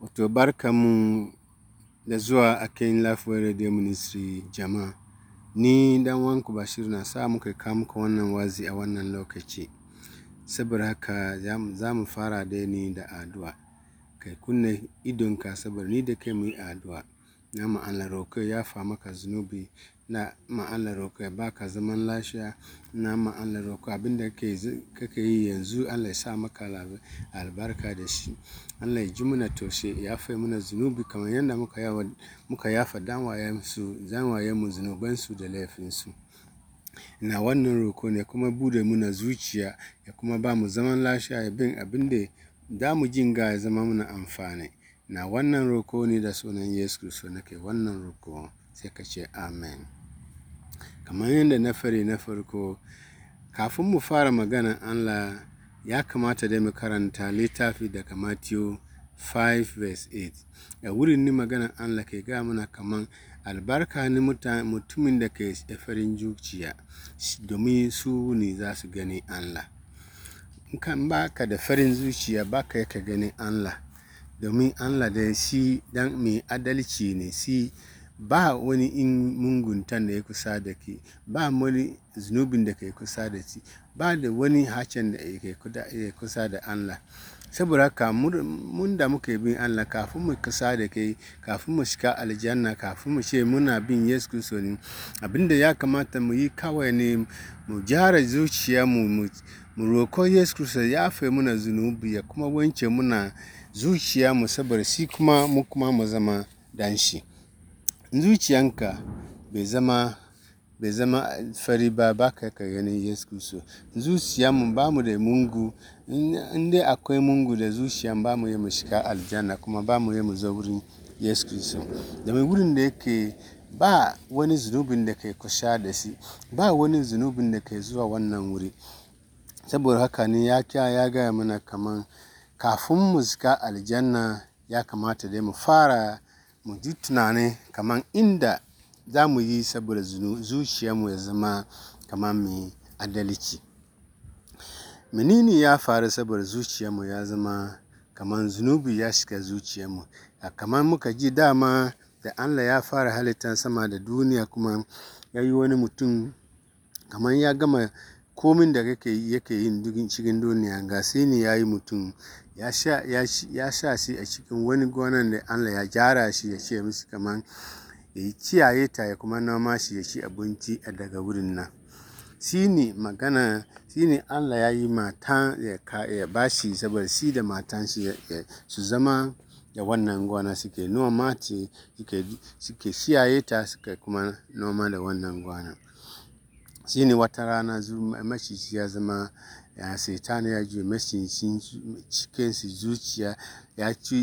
Wato mu da zuwa a Kayin lafiyar Radio Ministry jama'a. Ni dan wanku Bashir na sa muka kawo muku wannan wazi a wannan lokaci. Saboda haka za mu fara dai ni da addu'a. Kai kunne idonka saboda ni da kai mu yi addu'a. Na mu Allah roƙo ya fa maka zunubi na ma'anar roƙo ya baka zaman lafiya na ma'anar roƙo abinda kake yi yanzu Allah ya sa maka albarka da shi Allah ya ji muna toshe ya fai muna zunubi kamar yadda muka yafa danwayensu danwayenmu zunubansu da laifinsu na wannan roƙo ne kuma bude muna zuciya ya kuma ba mu zaman lafiya ya bin abin da da mu jin ya zama muna amfani na wannan roƙo ne da sunan yesu kristo nake wannan roƙo sai ka ce amen kamar yadda na fari na farko kafin mu fara maganan Allah ya kamata dai mu karanta littafi da Matthew 5 verse 8 wurin ni maganan Allah ke ga mana kaman albarka ni mutumin da ke farin zuciya domin su ne za su gani Allah kan ba ka da farin zuciya ka yaka gani Allah domin Allah da shi dan mai adalci ne shi ba wani in munguntan da ya kusa da ke ba wani zunubin da ke kusa da ci ba da wani hacin da ke kusa da Allah saboda haka mun da muka bin Allah kafin mu kusa da kai kafin mu shiga aljanna kafin mu ce muna bin Yesu Kristo ne abinda ya kamata mu yi kawai ne mu gyara zuciya mu mu roko Yesu Kristo ya fe muna zunubi ya kuma wance muna mu saboda shi kuma mu kuma mu zama danshi. zuciyanka bai zama, bai zama fari ba, ba ka ka ganin Yesu kristo Zuciyan mu ba mu da mungu. In dai akwai mungu da zuciyan ba mu yi mu shiga aljanna kuma ba mu yi mu zo wurin Yesu da mai wurin da yake ba wani zunubin da kai kusa da shi, ba wani zunubin da kai zuwa wannan wuri. Saboda haka ne ya kya ya gaya mana kaman kafin mu shiga aljanna ya kamata dai mu fara mu ji tunani kaman inda za mu yi saboda zuciyarmu ya zama kaman mai adalci. Menene ya faru saboda zuciyarmu ya zama kaman zunubi ya shiga zuciyarmu? Kaman muka ji dama da Allah ya fara halittan sama da duniya kuma ya yi wani mutum kaman ya gama komin da yake yi yake yin cikin duniya ga sai ne ya yi mutum ya sha, ya shi a cikin wani gonan da Allah ya gyara shi ya ce musu kaman ya yi kiyaye ta ya kuma noma shi ya ci abinci a daga wurin nan shi ne magana shi ne Allah ya yi matan ya ba shi saboda shi da matan shi su zama da wannan gona suke noma ce suke kiyaye ta suke kuma noma da wannan gona ne wata rana macici ya zama saitana ya juya macijin zuciya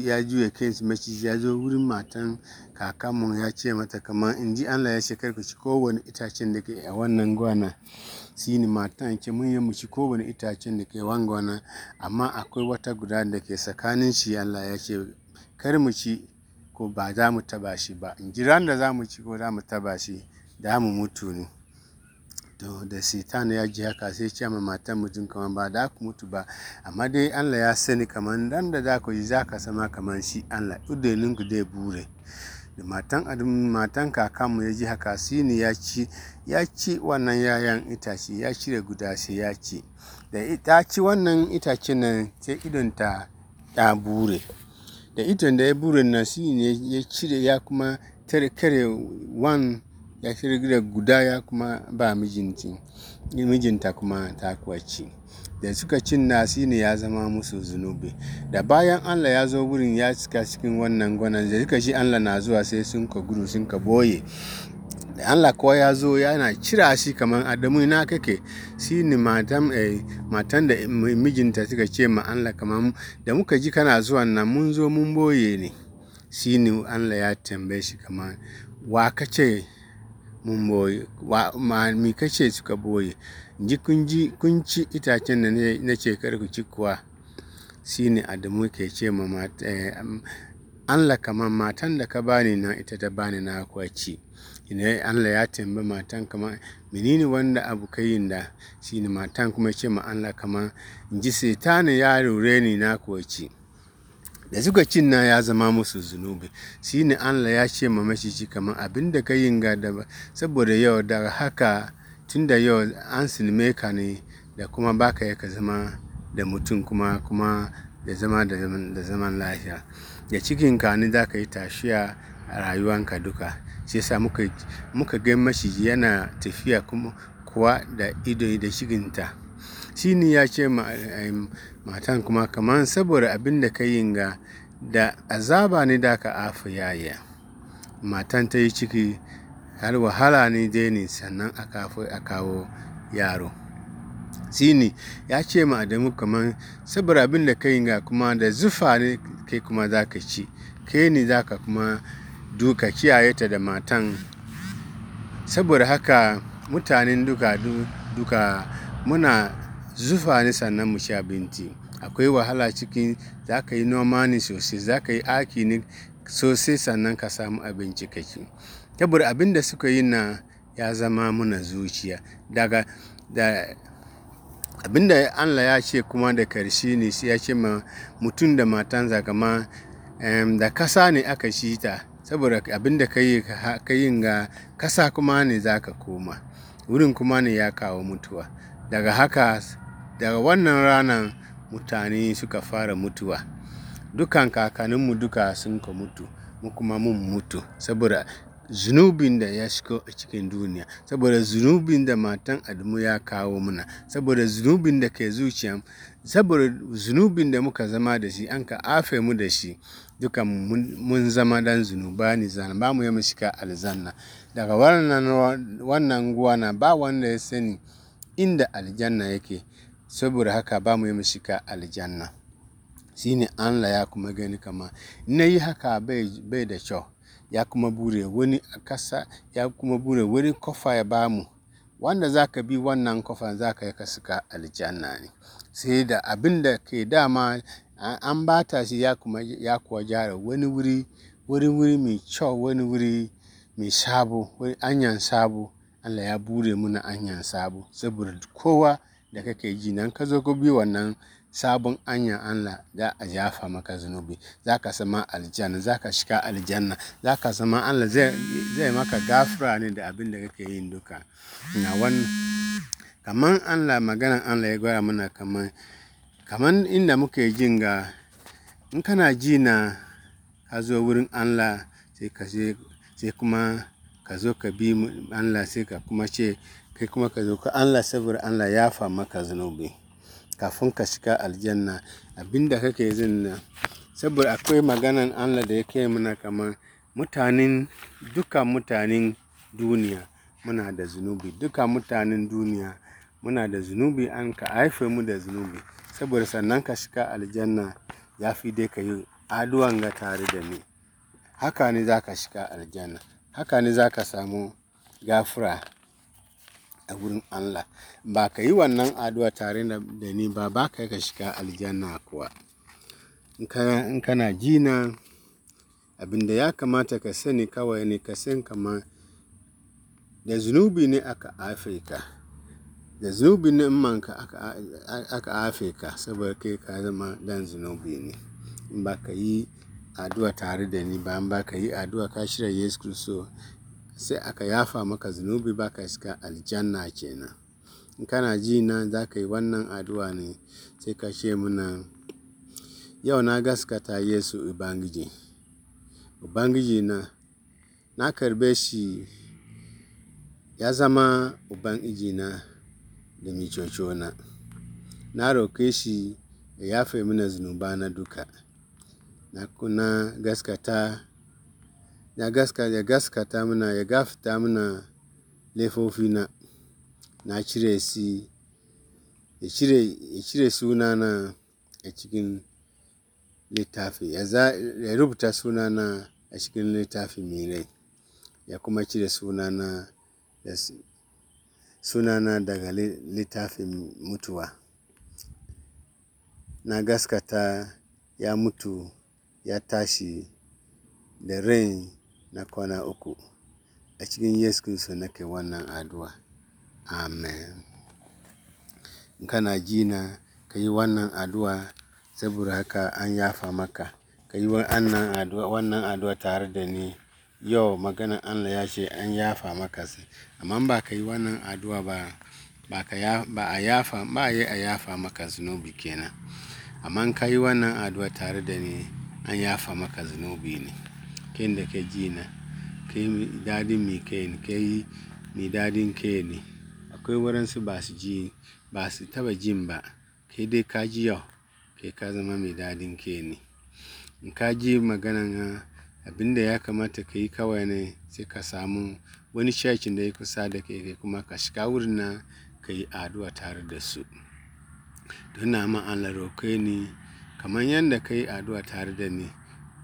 ya juya kansu maciji ya zo wurin matan kakanmu ya ce mata kamar in ji Allah ya shekar ku ci kowane itacen da ke a wannan gwana ne matan ke mun yi mu ci kowane itacen da ke wannan gwana amma akwai wata guda da ke tsakanin shi Allah ya ce kar mu ci ko ba za mu taba shi ba in ji ran da za mu ci ko za mu taba shi da mu mutu ne to da satan ya ji haka sai ce ma matan mutum kamar ba da ku mutu ba amma dai allah ya sani kamar dan da za ku yi za ka sama kamar shi allah udenin ku dai bure da matan matan kakanmu ya ji haka ne ya ci ya ci wannan yayan itace ya cire guda sai ya ci da ta ci wannan itace nan sai idon ta bure da idon da ya bure nan ne ya cire ya kuma tare kare wan. ya shirya ya kuma ba mijinta mijinta kuma ta kuwa ci da suka cin na ne ya zama musu zunubi da bayan allah ya zo wurin ya cika cikin wannan gwanan da suka ji allah na zuwa sai sun ka gudu sun ka boye da Allah kowa ya zo yana cira shi kamar Adamu na kake shi ne matan eh, matan da mijinta suka ce ma Allah kamar da muka ji kana zuwa na mun zo mun boye ne shi ne Allah ya tambaye shi kamar wa kace mun boye wa ma mi kace suka boye ji kun ji kun ci itacen da na ce kar ku ci kuwa shine Adamu ke ce ma eh, Allah kamar matan da ka bani na ita ta bani na kuwa ci an Allah ya tambi matan kamar menene wanda abu kayin da shine matan kuma ce ma Allah kamar in ji sai ta ne ya rure ni na kuwa ci da suka cinna ya zama musu zunubi shi ne allah ya ce ma maciji kamar abin da ka da ba saboda yau daga haka tun da yau an sinime ka ne da kuma baka ya ka zama da mutum kuma kuma da zama da zaman lafiya da cikin ka ne za ka yi tashiya a rayuwanka duka sai sa muka, ga maciji yana tafiya kuma kuwa da ido da shiginta shi ne ya ce eh, matan kuma kaman saboda abin da ka yi ga da azaba ne da ka afi yaya matan ta yi ciki har wahala ne dai ne sannan a kawo yaro sini ya ce ma adamu kaman saboda abin da ka yi ga kuma da zufa ne kai kuma za ka ci kai ne za ka kuma duka kiyaye ta da matan saboda haka mutanen duka duka muna zufa ne sannan mu ci abinci akwai wahala cikin za ka yi noma ne sosai za ka yi aiki ne sosai sannan ka samu abinci ka ci saboda abin da suka yi na ya zama muna zuciya daga da abin da allah ya ce kuma da karshe ne sai ya ce ma mutum da matan zagama da kasa ne aka shi ta saboda abin da ka yi ga kasa kuma ne za ka koma wurin kuma ne ya kawo mutuwa daga haka Daga wannan ranan mutane suka fara mutuwa. Dukan kakanninmu duka sun ka mutu, mu kuma mun mutu saboda zunubin da ya shigo a cikin duniya, saboda zunubin da matan Adamu ya kawo muna, saboda zunubin da ke zuciya saboda zunubin da muka zama da shi an ka afe mu da shi. duka mun zama dan zunuba ne, ba mu iya ka aljanna. Daga wannan, wannan ba wanda ya sani inda aljanna yake. saboda haka ba mu yi shiga aljanna shi ne Allah ya kuma gani kama na yi haka bai da kyau ya kuma bure wani a kasa ya kuma bure wani kofa ya ba mu wanda za ka bi wannan kofa za ka yi ka shiga aljanna ne sai da abin da ke dama an bata shi ya kuma ya kuwa gyara wani wuri wani wuri mai kyau wani wuri mai sabo wani anyan sabo Allah ya bure muna anyan sabo saboda kowa da kake ji nan ka zo bi wannan sabon anyan Allah za a jafa maka zunubi za ka sama aljanna za ka shiga aljanna za ka sama Allah zai maka gafura ne da abin da kake yin duka na wannan kaman Allah maganan Allah ya gwara mana kaman kamar inda muke jin ga in kana ji na ka zo wurin Allah sai ka sai kuma ka zo ka bi Allah sai ka kuma ce kai kuma ka zo ka Allah saboda Allah ya fa maka zunubi kafin ka shiga aljanna abinda kake zin nan saboda akwai maganan Allah da yake muna kamar mutanen duka mutanen duniya muna da zunubi duka mutanen duniya muna da zunubi an ka haife mu da zunubi saboda sannan ka shiga aljanna ya fi dai ka yi aduwan ga tare da ni haka ne za ka shiga aljanna haka ne za ka samu gafura a gurin Allah ba ka yi wannan addu'a tare da ni ba ba ka ka shiga aljanna kuwa in kana jina abin da ya kamata ka sani kawai ne ka san kama, da zunubi ne aka afirka da zunubi ne manka aka afirka saboda kai ka zama dan zunubi ne in ba ka yi addu'a tare da ni ba in ba ka yi addu'a ka shirya yesu kristo sai aka yafa maka zunubi ba ka shiga aljanna kenan in kana ji na za ka yi wannan addu'a ne sai ka ce muna yau na gaskata yesu ubangiji ubangiji na na karbe shi ya zama ubangiji na da micoco na na roƙe shi ya yafe mana na duka na kuna gaskata ya gaskata mana ya ta mana laifofina na cire si ya cire ya cire sunana a cikin littafi ya rubuta sunana a cikin littafi mai rai ya kuma cire sunana sunana daga littafin mutuwa na gaskata ya mutu ya tashi da rain. na kwana uku a cikin yesu kristo nake wannan addu'a amen kana jina ka yi wannan addu'a saboda haka an yafa maka ka yi wannan addu'a tare da ni yau maganin allah ya ce an yafa maka sai amma ba ka yi wannan addu'a ba ba a yafa ba yi a yafa maka zunubi kenan amma ka yi wannan addu'a tare da ni an yafa maka zunubi ne ken da ka ji na, kai dadin mi kai ke mi dadin kai Akwai waɗansu ba su ji, ba su taba jin ba. Kai dai ka ji yau, ke ka zama mai dadin kai ni In ka ji magana ah, abinda ya kamata ka yi kawai ne sai ka samu wani church da ya kusa da ke kuma ka shiga wurin na ka yi addu'a tare da su. Don na ma ni kamar yadda ka yi addu'a tare da ni.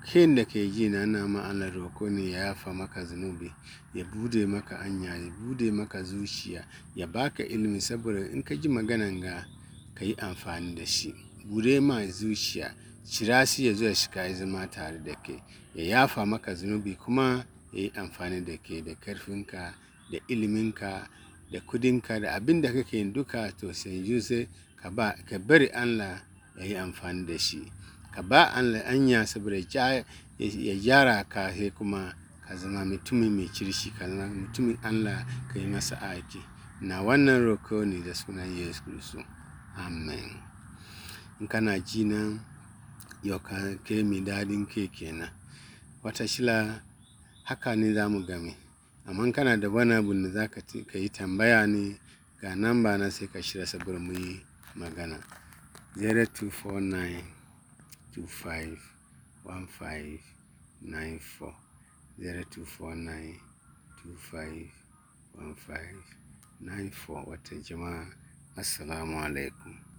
Kin da ke ji na ina ma'ana Allah roko ne ya yafa maka zunubi, ya bude maka anya ya bude maka zuciya, ya baka ilimi saboda in ka ji maganan ga ka yi amfani da shi. Bude ma zuciya, cira shi ya zo ya shiga ya zama tare da ke ya yafa maka zunubi kuma ya yi amfani da ke da karfinka, da iliminka, da kudinka, da abin da kake yin duka to sai ka ba, ka bari Allah ya yi amfani da shi. ka ba an anya saboda ya gyara ka sai kuma ka zama mutumin mai kirki ka zama mutumin Allah ka yi masa aiki na wannan roko ne da sunan Yesu su. amen in kana ji nan yau ka kai mai dadin ke kenan wata shila haka ne za mu game amma kana da wani abu da za ka yi tambaya ne ga nan ba na sai ka shirya saboda mu yi magana 0249 two five one five nine four zero two four nine two five one five nine four wata jama'a assalamu alaikum